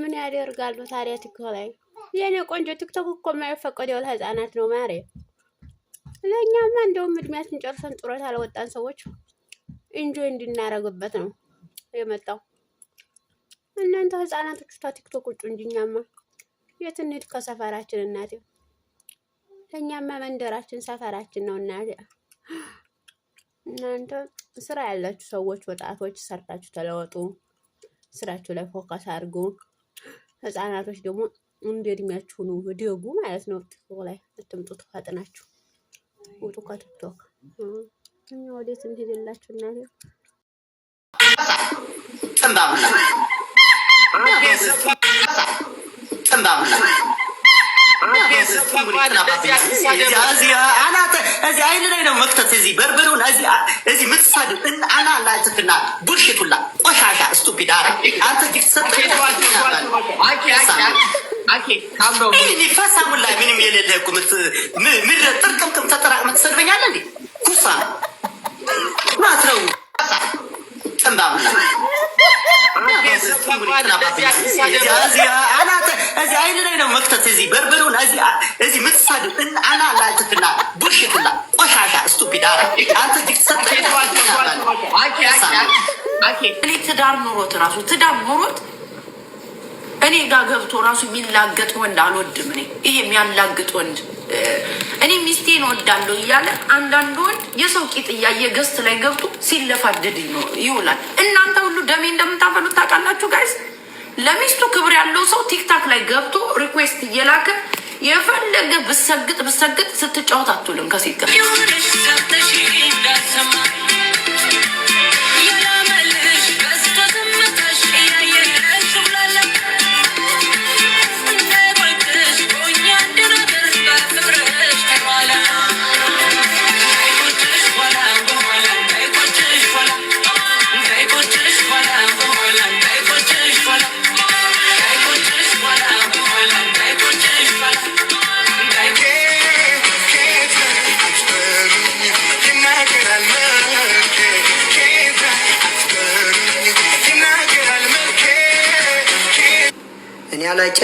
ምን ያደርጋሉ ታዲያ? ቲክቶክ ላይ የኔ ቆንጆ ቲክቶክ እኮ የማይፈቀደው ለህፃናት ነው ማሬ። ለእኛማ እንደውም እድሜያችን ጨርሰን ጡረታ ለወጣን ሰዎች እንጆይ እንድናረግበት ነው የመጣው። እናንተ ህፃናቶቹ ቲክቶክ ውጭ እንጂ እኛማ የት እንሂድ ከሰፈራችን እናቴ። ለእኛማ መንደራችን ሰፈራችን ነው እናቴ። እናንተ ስራ ያላችሁ ሰዎች ወጣቶች ሰርታችሁ ተለወጡ። ስራችሁ ላይ ፎከስ አድርጉ። ህጻናቶች ደግሞ እንደ እድሜያችሁ ነው ደጉ ማለት ነው። ቲክቶክ ላይ አትምጡ፣ ተፋጥናችሁ ውጡ ከቲክቶክ እኛ ወዴት እንሄድላችሁ እናቴ ጥንባብላ ጥንባብላ እዚህ አይን ላይ ነው መክተት። እዚህ በርበሬውን እዚህ ምትሳደብ አና ላትክና ቡልሽቱላ ቆሻሻ ስቱፒድ ፈሳሙላ ምንም የሌለ ምድረ ጥርቅምቅም ተጠራቅመ ትሰድበኛለ እንዴ ኩሳ ናትረው ጥንባሙላ እዚህ አይን ላይ ነው መክተት። እዚህ በርበሬውን እዚህ ምትሳዱ አና ላጅትና ቡሽትና ቆሻሻ ስቱፒድ አረ አንተ እኔ ትዳር ኑሮት ራሱ ትዳር ኑሮት እኔ ጋር ገብቶ ራሱ የሚላገጥ ወንድ አልወድም። እኔ ይሄ የሚያላግጥ ወንድ እኔ ሚስቴን ወዳለሁ እያለ አንዳንድ ወንድ የሰው ቂጥ እያየ ገዝት ላይ ገብቶ ሲለፋደድ ይውላል። እናንተ ሁሉ ደሜ እንደምታፈሉት ታውቃላችሁ ጋይስ ለሚስቱ ክብር ያለው ሰው ቲክታክ ላይ ገብቶ ሪኩዌስት እየላከ የፈለገ ብሰግጥ ብሰግጥ ስትጫወት አትውልም ከሴት ጋር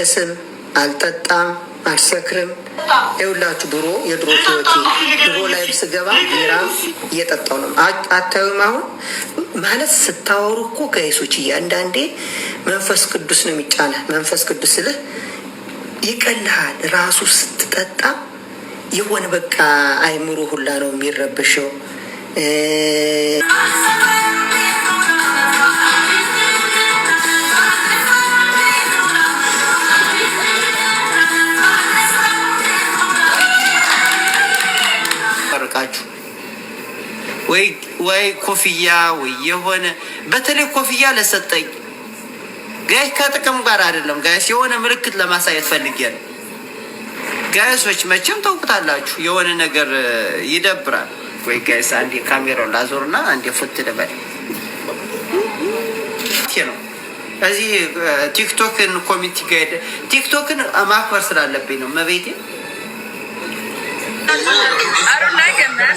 አልስም፣ አልጠጣም፣ አልሰክርም። የሁላችሁ ድሮ የድሮ ህይወቴ ድሮ ላይ ስገባ ቢራ እየጠጣው ነው። አታዩም? አሁን ማለት ስታወሩ እኮ ከሱች አንዳንዴ መንፈስ ቅዱስ ነው የሚጫነ መንፈስ ቅዱስ ስልህ ይቀልሃል። ራሱ ስትጠጣ የሆነ በቃ አይምሮ ሁላ ነው የሚረብሸው። ወይ ወይ ኮፍያ ወይ የሆነ በተለይ ኮፍያ ለሰጠኝ ጋይስ ከጥቅም ጋር አይደለም ጋይስ፣ የሆነ ምልክት ለማሳየት ፈልጌ ነው። ጋይሶች መቼም ታውቁታላችሁ፣ የሆነ ነገር ይደብራል። ወይ ጋይስ፣ አንዴ ካሜራውን ላዞርና አንዴ ፉት ልበል ነው እዚህ ቲክቶክን ኮሚኒቲ ጋር ቲክቶክን ማክበር ስላለብኝ ነው መቤቴ I don't like it, man. go,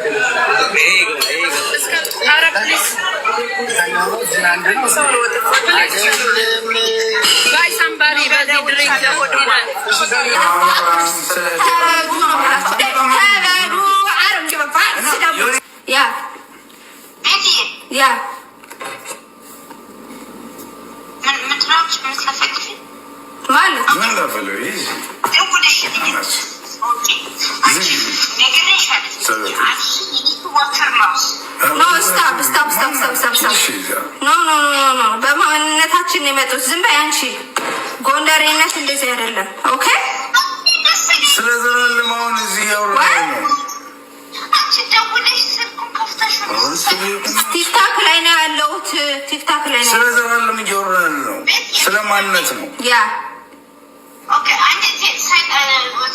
let go. Arab, Buy somebody, but they drink the I don't give a fuck. Yeah. Yeah. ነው የመጡት። ዝም በይ አንቺ። ጎንደሬነት እንደዚህ አይደለም። ኦኬ ስለ ዘላለም አሁን እዚህ ቲክታክ ላይ ነው ያለሁት። ቲክታክ ላይ ነው ስለ ዘላለም እያወራ ነው። ስለ ማንነት ነው ያ ኦኬ አንድ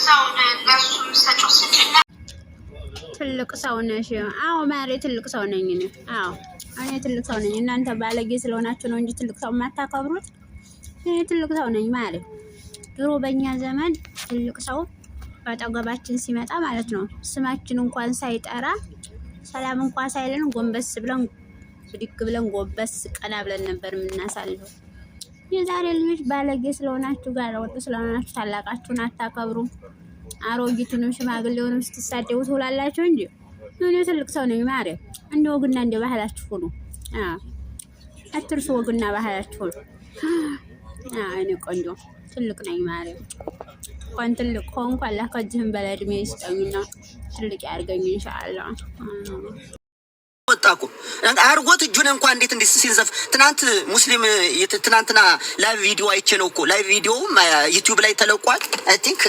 ሰው ነሱ ሰጮ ስጭና ትልቅ ሰው ነሽ። አዎ ማሬ ትልቅ ሰው ነኝ። አዎ እኔ ትልቅ ሰው ነኝ። እናንተ ባለጌ ስለሆናችሁ ነው እንጂ ትልቅ ሰው የማታከብሩት። እኔ ትልቅ ሰው ነኝ ማሬ። ድሮ በእኛ ዘመን ትልቅ ሰው በጠገባችን ሲመጣ ማለት ነው ስማችን እንኳን ሳይጠራ ሰላም እንኳን ሳይለን ጎንበስ ብለን ብድግ ብለን ጎንበስ ቀና ብለን ነበር የምናሳልፈው። የዛሬ ልጆች ባለጌ ስለሆናችሁ፣ ወጡ ስለሆናችሁ ታላቃችሁን አታከብሩም። አሮጊቱንም ሽማግሌውንም ስትሳደቡ ትውላላችሁ እንጂ እኔ ትልቅ ሰው ነኝ። ማርያም እንደ ወግና እንደ ባህላችሁ ሁኑ። አትርሱ፣ ወግና ባህላችሁ ሁኑ። እኔ ቆንጆ ትልቅ ነኝ። ማርያም እንኳን ትልቅ ሆንኩ አላህ ከዚህም በላይ እድሜ ይስጠኝና ትልቅ ያድርገኝ። ኢንሻአላህ ወጣ እኮ እጁን እንኳን እንዴት እንዴት ሲንዘፍ ትናንት ሙስሊም ትናንትና ላይቭ ቪዲዮ አይቼ ነው እኮ ላይቭ ቪዲዮ ዩቲዩብ ላይ ተለቋል። አይ ቲንክ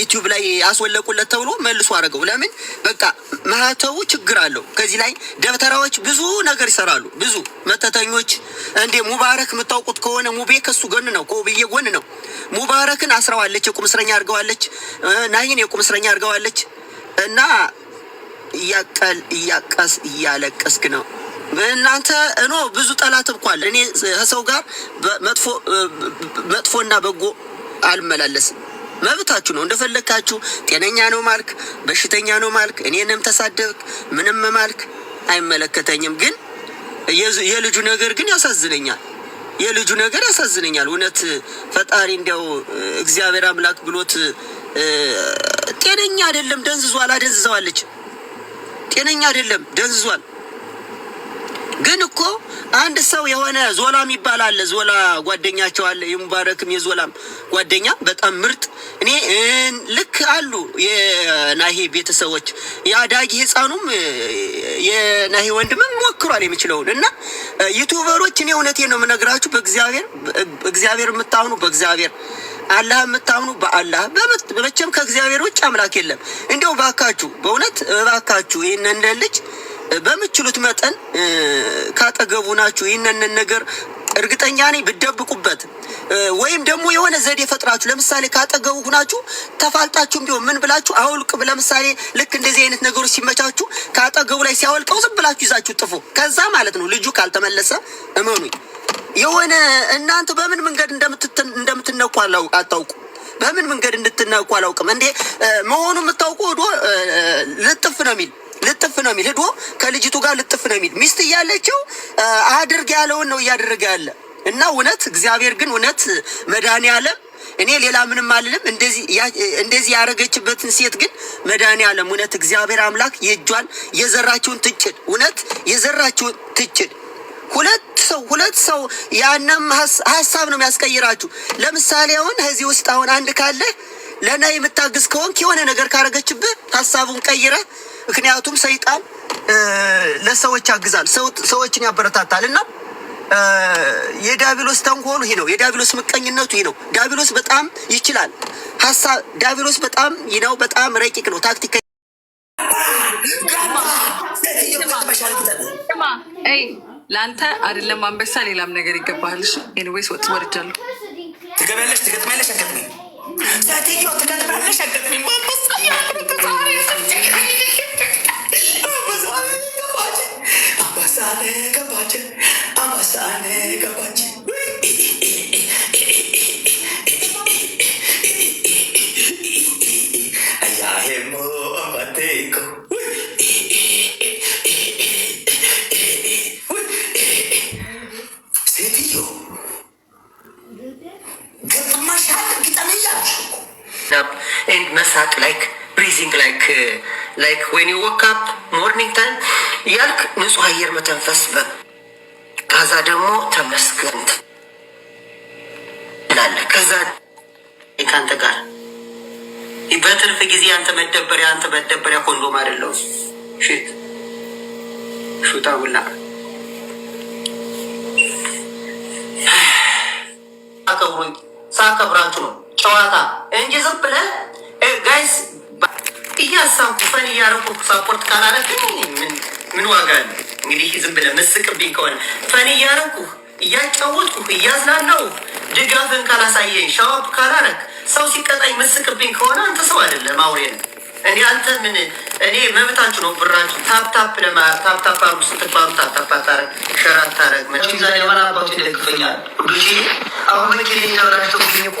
ዩቲዩብ ላይ አስወለቁለት ተብሎ መልሶ አደረገው። ለምን በቃ ማህተቡ ችግር አለው። ከዚህ ላይ ደብተራዎች ብዙ ነገር ይሰራሉ። ብዙ መተተኞች እንዴ ሙባረክ የምታውቁት ከሆነ ሙቤ ከሱ ጎን ነው ከውብዬ ጎን ነው። ሙባረክን አስረዋለች፣ የቁም እስረኛ አድርገዋለች። ናይን የቁም እስረኛ አድርገዋለች እና እያቀል እያቀስ እያለቀስክ ነው። እናንተ እኖ ብዙ ጠላት እኳል እኔ ከሰው ጋር መጥፎና በጎ አልመላለስም። መብታችሁ ነው፣ እንደፈለግካችሁ። ጤነኛ ነው ማልክ፣ በሽተኛ ነው ማልክ፣ እኔንም ተሳደብክ ምንም ማልክ አይመለከተኝም። ግን የልጁ ነገር ግን ያሳዝነኛል። የልጁ ነገር ያሳዝነኛል። እውነት ፈጣሪ እንዲያው እግዚአብሔር አምላክ ብሎት ጤነኛ አይደለም። ደንዝዟል፣ አደንዝዘዋለች። ጤነኛ አይደለም፣ ደንዝዟል። ግን እኮ አንድ ሰው የሆነ ዞላም ይባላል። ዞላ ጓደኛቸው አለ፣ የሙባረክም የዞላም ጓደኛ በጣም ምርጥ። እኔ ልክ አሉ የናሂ ቤተሰቦች፣ የአዳጊ ህፃኑም የናሂ ወንድምም ሞክሯል የሚችለውን እና ዩቱበሮች፣ እኔ እውነቴ ነው የምነግራችሁ በእግዚአብሔር እግዚአብሔር የምታሆኑ በእግዚአብሔር አላህ የምታምኑ በአላህ በመቼም ከእግዚአብሔር ውጭ አምላክ የለም። እንዲያው እባካችሁ በእውነት እባካችሁ ይህንን ልጅ በምችሉት መጠን ካጠገቡ ናችሁ ይህንን ነገር እርግጠኛ ነኝ ብደብቁበት ወይም ደግሞ የሆነ ዘዴ ፈጥራችሁ ለምሳሌ ካጠገቡ ሁናችሁ ተፋልጣችሁም ቢሆን ምን ብላችሁ አውልቅ። ለምሳሌ ልክ እንደዚህ አይነት ነገሮች ሲመቻችሁ ካጠገቡ ላይ ሲያወልቀው ዝም ብላችሁ ይዛችሁ ጥፉ። ከዛ ማለት ነው ልጁ ካልተመለሰ እመኑኝ የሆነ እናንተ በምን መንገድ እንደምትነኩ አታውቁ። በምን መንገድ እንድትነኩ አላውቅም። እንዴ መሆኑ የምታውቁ ዶ ልጥፍ ነው የሚል ልጥፍ ነው የሚል ዶ ከልጅቱ ጋር ልጥፍ ነው የሚል ሚስት እያለችው አድርግ ያለውን ነው እያደረገ ያለ እና እውነት እግዚአብሔር ግን እውነት መድኃኔ ዓለም እኔ ሌላ ምንም አልልም። እንደዚህ ያደረገችበትን ሴት ግን መድኃኔ ዓለም እውነት እግዚአብሔር አምላክ የእጇን የዘራችውን ትጭድ እውነት የዘራችውን ትጭድ ሁለት ሰው ሁለት ሰው ያንም ሀሳብ ነው የሚያስቀይራችሁ። ለምሳሌ አሁን ከዚህ ውስጥ አሁን አንድ ካለ ለና የምታግዝ ከሆንክ የሆነ ነገር ካረገችብህ ሀሳቡን ቀይረ። ምክንያቱም ሰይጣን ለሰዎች ያግዛል፣ ሰዎችን ያበረታታል እና የዳቢሎስ ተንኮሉ ይህ ነው። የዳቢሎስ ምቀኝነቱ ይህ ነው። ዳቢሎስ በጣም ይችላል ሀሳብ ዳቢሎስ በጣም ይህ ነው። በጣም ረቂቅ ነው። ታክቲካ ስማ ለአንተ አይደለም አንበሳ ሌላም ነገር ይገባሃል። ኤኒዌይስ ወጥ ወርጃለሁ። ትገቢያለሽ፣ ትገጥሚያለሽ፣ አትገጥሚ ሴትዮ ትገጥሚያለሽ፣ አትገጥሚ አንበሳ ገባች፣ አንበሳ ገባች። up and መሳቅ ላይክ ብሪዚንግ ላይክ ላይክ ዌን ዩ ወክ አፕ ሞርኒንግ ታይም ያልክ ንጹህ አየር መተንፈስ በ ከዛ ደግሞ ተመስገን ትላለህ። ከዛ ከአንተ ጋር በትርፍ ጊዜ አንተ መደበሪያ አንተ መደበሪያ ኮንዶም አይደለው ሽት ሹታ ሁላ ሳከብራችሁ ነው ጨዋታ እንጂ ዝም ብለህ ጋይስ እያሳኩ ፈን እያረኩ ሳፖርት ካላረክ ምን ዋጋ አለ? እንግዲህ ዝም ብለህ ምስቅብኝ ከሆነ ፈን እያረኩ እያጫወትኩ እያዝናናው ድጋፍን ካላሳየኝ ሻወፕ ካላረክ ሰው ሲቀጣኝ ምስቅብኝ ከሆነ አንተ ሰው አይደለም፣ አውሬ ነው። እኔ አንተ ምን እኔ መብታችሁ ነው። ብራችሁ ታፕታፕ ለታፕታፕ አርጉ ስትባሉ ታፕታፕ አታረግ ሸር አታረግ መ ዛሬ ማናባቱ ይደግፈኛል ዱቼ አሁን መቼ ሊኛብራቸው እኮ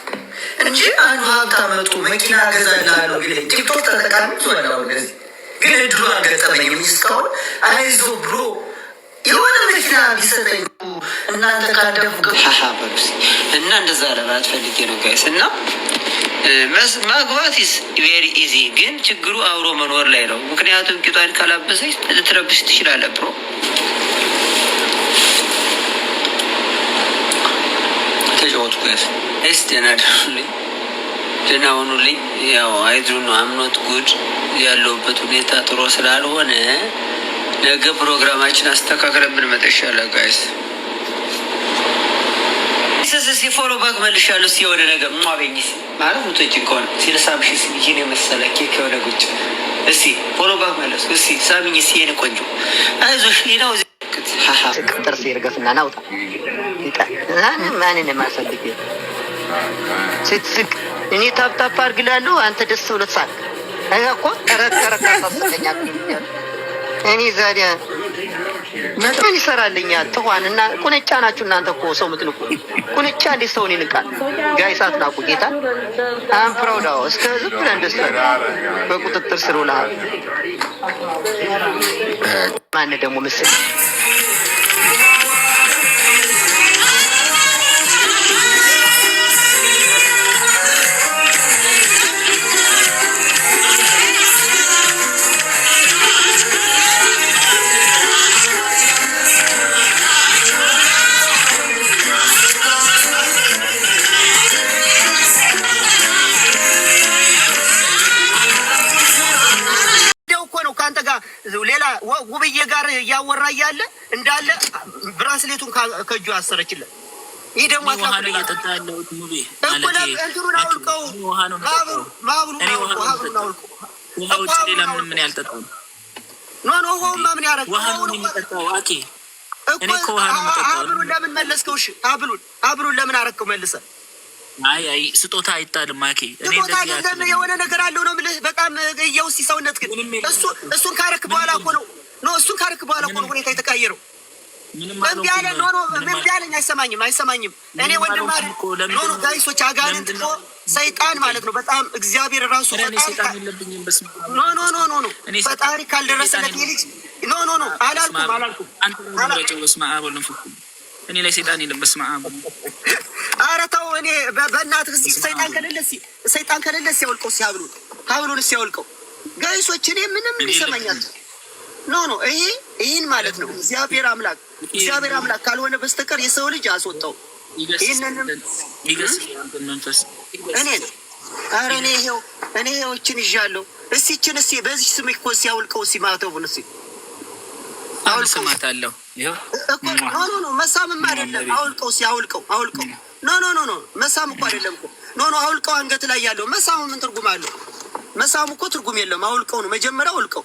እንጂ አንዱ ሀብታም መጡ መኪና ገዛላለሁ ቢለኝ ቲክቶክ ተጠቃሚ ሆነው እንደዚህ ግን እድሉ አልገጠመኝም እስካሁን። አይዞ ብሎ የሆነ መኪና ቢሰጠኝ እናንተ ካደፉ ገሀሀበሉስ እና እንደዛ ለማለት ፈልጌ ነው ጋይስ። እና ማግባት ኢዝ ቬሪ ኢዚ፣ ግን ችግሩ አብሮ መኖር ላይ ነው። ምክንያቱም ቂጧን ካላበሰች ልትረብሽ ትችላለ። ብሮ ተጫወት ጋይስ። እስ ደህና ደሩልኝ፣ ደህና ሆኑልኝ። ያው አይዞን ነው አምኖት ጉድ ያለውበት ሁኔታ ጥሩ ስላልሆነ ነገ ፕሮግራማችን አስተካክለን ብንመጣ ይሻላል። ጋይስ ስስሲ ፎሎ ባክ መልሻለሁ። እስኪ የሆነ ነገር ማበኝ ማለት ሙቶችን ከሆነ ሲልሳምሽ ስሚጂን የመሰለ ኬክ የሆነ ጉጭ እስኪ ፎሎ ባክ መለስ እስኪ ሳሚኝ እስኪ የኔ ቆንጆ አይዞሽ ነው ቅጥር ሲርገፍና ናውጣ ማንን ማሳልግ ሴት እኔ ታብታብ አድርግላለሁ። አንተ ደስ ብሎት ሳቅ እኮ ተረት ተረት ታሳሰቀኛል። እኔ ዛዲያ ምን ይሰራልኛል? ትኋን እና ቁንጫ ናችሁ እናንተ እኮ ሰው ምትንቁ ቁንጫ እንዴት ሰውን ይንቃል? ጋይ ሳት ናቁ ጌታ አም ፕራውድ አምፕራውዳው እስከ ዝም ብለህ እንደሰራ በቁጥጥር ስር ውለሃል። ማን ደግሞ ምስል እያለ እንዳለ ብራስሌቱን ከእጁ አሰረችለት። ይህ ደግሞ እንትኑን አውልቀው ለምን መለስከው? እሺ አብሉን አብሉን ለምን አረከው አይ አይ ስጦታ አይጣልም አኬ ስጦታ የሆነ ነገር አለው ነው የምልህ። በጣም እየውስ ሰውነት ግን እሱን ካረክ በኋላ እኮ ነው ኖ እሱን ካረክ በኋላ እኮ ሁኔታ የተቀየረው። እምቢ አለ ኖ ኖ እምቢ አለኝ። አይሰማኝም አይሰማኝም። እኔ ወንድም አለ ኖ ኖ ጋይሶች፣ አጋንንት እኮ ሰይጣን ማለት ነው። በጣም እግዚአብሔር ራሱ ኖ ኖ ኖ ኖ ኖ ፈጣሪ ካልደረሰለት የልጅ ኖ ኖ ኖ አላልኩም አላልኩም። እኔ ላይ ሰይጣን የለም። በስመ አብ ኧረ ተው። እኔ በእናትህ ሰይጣን ከሌለ ሰይጣን ከሌለ ሲያወልቀው ሲያብሉት ሀብሉን ሲያወልቀው ጋይሶች፣ እኔ ምንም ይሰማኛል ኖ ኖ ይሄ ይህን ማለት ነው እግዚአብሔር አምላክ እግዚአብሔር አምላክ ካልሆነ በስተቀር የሰው ልጅ አስወጣው። ይህንንም እኔ ኧረ እኔ ይኸው እኔ ይኸው ይችን ይዣለሁ። እስኪ ይችን እስኪ በዚህ ስም እኮ ሲያውልቀው ሲማተቡን እስኪ አውልቀውማታለሁ እኮ ኖ ኖ መሳምም አይደለም አውልቀው ሲያውልቀው አውልቀው ኖ ኖ ኖ ኖ መሳም እኮ አይደለም እኮ ኖ ኖ አውልቀው አንገት ላይ ያለው መሳሙ ምን ትርጉም አለው? መሳሙ እኮ ትርጉም የለውም። አውልቀው ነው መጀመሪያ አውልቀው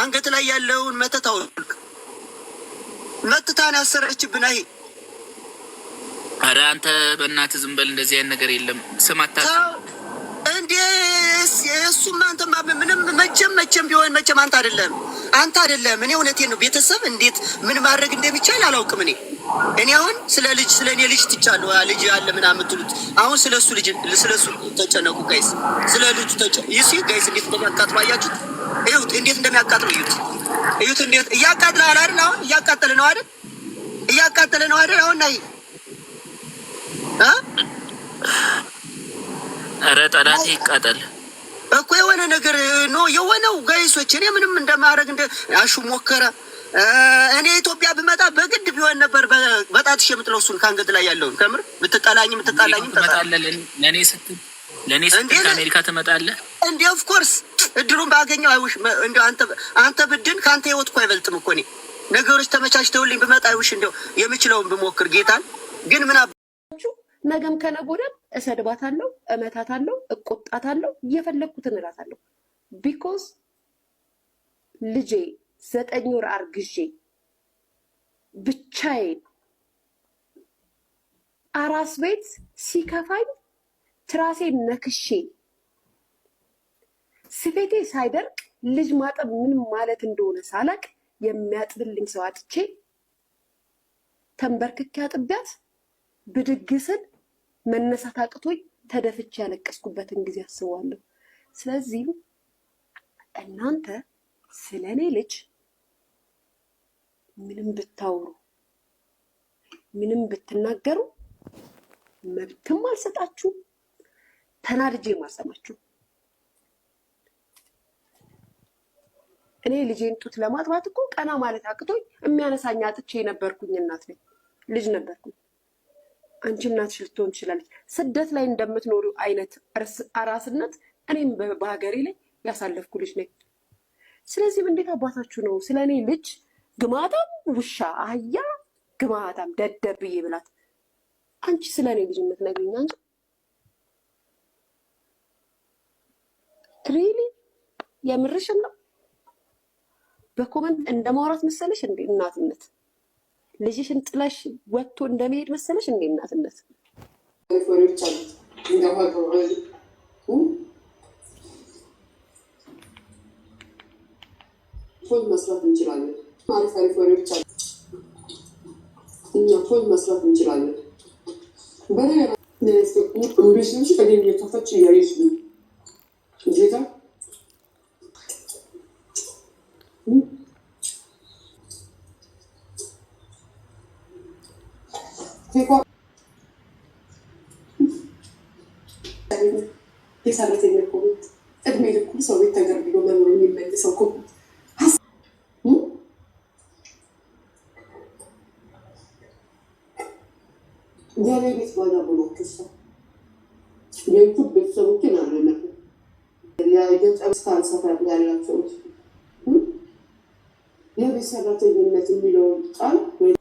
አንገት ላይ ያለውን መተት አውልቅ። መትታን ያሰረችብን አይ አረ አንተ በእናትህ ዝም በል። እንደዚህ አይነት ነገር የለም። ስማታ እንዴስ እሱም አንተ ምንም መቼም መቼም ቢሆን መቼም አንተ አይደለም አንተ አይደለም። እኔ እውነቴን ነው። ቤተሰብ እንዴት ምን ማድረግ እንደሚቻል አላውቅም። እኔ እኔ አሁን ስለ ልጅ ስለ እኔ ልጅ ትቻለሁ ልጅ አለ ምናምን የምትሉት አሁን ስለ እሱ ልጅ ስለ እሱ ተጨነቁ ጋይስ፣ ስለ ልጁ ተጨ ይሱ ጋይስ፣ እንዴት እንደሚያቃጥባያችሁት እዩት እንዴት እንደሚያቃጥሉ እዩት፣ እዩት እንዴት እያቃጥለ አይደል? አሁን እያቃጠለ ነው አይደል? እያቃጠለ ነው አይደል? አሁን ናይ እ ኧረ ጠላት ይቃጠል እኮ የሆነ ነገር ነው የሆነው። ጋይሶች እኔ ምንም እንደማድረግ እንደ አሹ ሞከረ። እኔ ኢትዮጵያ ብመጣ በግድ ቢሆን ነበር በጣትሽ የምትለው እሱን ከአንገት ላይ ያለውን ከምር ብትጠላኝም ብትጠላኝም ትመጣለህ። ለእኔ ስትል ለእኔ ስትል ከአሜሪካ ትመጣለህ እንዴ? ኦፍኮርስ እድሩን ባገኘው አይውሽ እንደ አንተ አንተ ብድን ከአንተ ህይወት እኮ አይበልጥም እኮ እኔ ነገሮች ተመቻችተውልኝ ብመጣ አይውሽ እንደው የምችለውን ብሞክር ጌታን ግን ምን አባችሁ ነገም ከነገ ወዲያም እሰድባታለሁ፣ እመታታለሁ፣ እቆጣታለሁ፣ እየፈለግኩትን እላታለሁ። ቢኮዝ ልጄ ዘጠኝ ወር አርግዤ ብቻዬን አራስ ቤት ሲከፋኝ ትራሴን ነክሼ ስፌቴ ሳይደርቅ ልጅ ማጠብ ምን ማለት እንደሆነ ሳላቅ የሚያጥብልኝ ሰው አጥቼ ተንበርክኬ አጥቢያት ብድግ ስል መነሳት አቅቶኝ ተደፍቼ ያለቀስኩበትን ጊዜ አስባለሁ። ስለዚህም እናንተ ስለ እኔ ልጅ ምንም ብታወሩ ምንም ብትናገሩ መብትም አልሰጣችሁም፣ ተናድጄ ማሰማችሁ። እኔ ልጄን ጡት ለማጥባት እኮ ቀና ማለት አቅቶኝ የሚያነሳኝ አጥቼ የነበርኩኝ እናት ነኝ፣ ልጅ ነበርኩኝ። አንቺ እናትሽ ልትሆን ትችላለች። ስደት ላይ እንደምትኖሩ አይነት አራስነት እኔም በሀገሬ ላይ ያሳለፍኩ ልጅ ነኝ። ስለዚህም እንዴት አባታችሁ ነው ስለ እኔ ልጅ ግማታም ውሻ፣ አህያ፣ ግማታም ደደብዬ ብላት አንቺ ስለ እኔ ልጅነት ነግሪኝ። አንቺ ትሪሊ የምርሽን ነው በኮመንት እንደ ማውራት መሰለሽ እንዴ እናትነት ልጅሽን ጥለሽ ወጥቶ እንደመሄድ መሰለሽ እንደ እናትነት ፎል መስራት እንችላለን። አሪፍ አሪፍ ወሬዎች አሉ። እኛ ፎል መስራት እንችላለን። በላይ ሌላ ሌላ ሌላ ሌላ ሌላ ሌላ ሌላ የሰራተኛ ኮሜንት እድሜ ልኩ ሰው ቤት ተገርግሎ መኖር የሚመልሰው ኮሜንት የኔ ቤት ባላ ሆናክሳ የዩቱብ ቤተሰቦችን አረነፍ የጨምስታን ሰፈር ያላቸው የህብረት ሰራተኝነት የሚለውን ቃል